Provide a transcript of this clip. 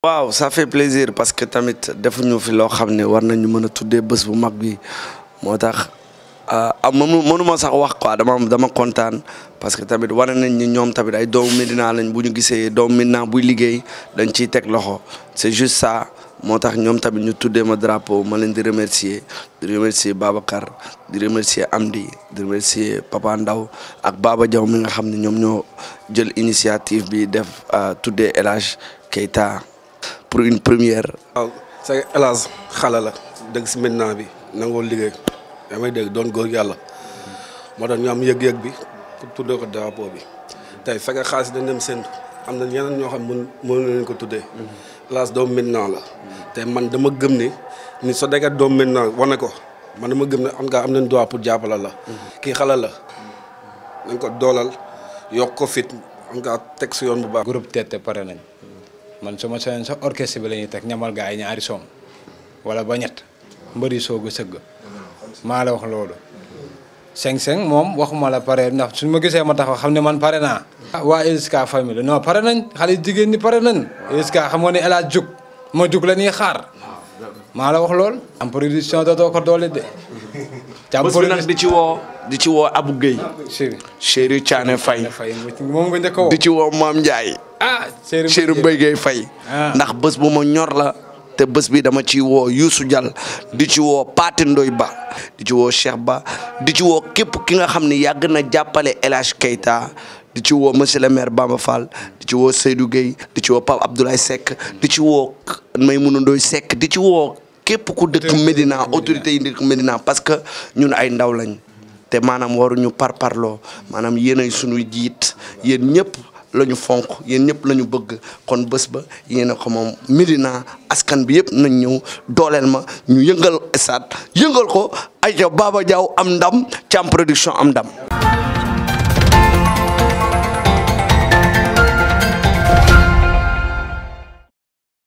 waaw ça fait plaisir parce que tamit defuñu fi loo xam ne war nañu mën a tuddee bés bu mag bi moo tax a ah, ah, mënuma sax wax quoi dama dama kontaan parce que tamit war nañ ni ñoom tamit ay doomu Medina lañ bu ñu gisee doomu Medina buy liggéey dañ ciy teg loxo c'est juste ça moo tax ñoom tamit ñu tuddee ma drapeau ma leen di remercier di remercier Babacar di remercier Amdi di remercier Papa Ndaw ak Baba Diaw mi nga xam ne ñoom ñoo jël initiative bi def ah, tuddee El Hadj Keita pour une première. waaw c'est hélas xale la dëgg si maintenant bi nangoo liggéey damay dégg doon góor yàlla moo doon ñu am yëg-yëg bi pour tuddee ko drapeau bi tey fekk xaalis dañ dem séntu am na ñeneen ñoo xam mën mën nañ ko tuddee hélas mm-hmm. doomu maintenant la te man dama gëm ni ni soo deggee doo maintenant wane ko man dama gëm ne am nga am nañ droit pour jàppale la mm-hmm. kii xale la nañ ko doolal yokk ko fit am nga teg si yoon bu baax groupe Tete pare nañ man sama sen sa orchestre bi lañuy tek ñamal gaay ñaari som wala ba ñet mbeuri sogu seug ma la wax lolu seng seng mom waxuma la paré ndax suñu ma gisé ma tax xamné man paré na wa iska family no paré nañ xali jigen ni paré nañ iska xam ni ela juk ma juk la ni xaar ma la wax lolu am production do do ko dole de jam ko nak di ci wo di ci wo abou gey cheri cheri fay mom di ci wo mam jaay ah cheri mbey gey fay ah. ndax bes bu ma ñor la te bes bi dama ci wo yousou dial di ci wo paté ndoy ba di ci wo cheikh ba di ci wo kep ki nga xamni yag na jappalé elage keita di ci wo monsieur le maire bamba fall di ci wo seydou gey di ci wo pap abdoulaye sek di ci wo maymounou ndoy sek di ci wo képp ku dëkk medina autorité yi dëkk medina parce que ñun ay ndaw lañ te maanaam waruñu parparloo maanaam yéenay suñu jiit yéen ñëpp la ñu fonk yéen ñëpp lañu bëgg kon bés ba yéen a ko moom askan bi yëpp nañ ñëw dooleel ma ñu yëngal stade yëngal ko ay ca Baba Diaw am ndam Thiam Production am ndam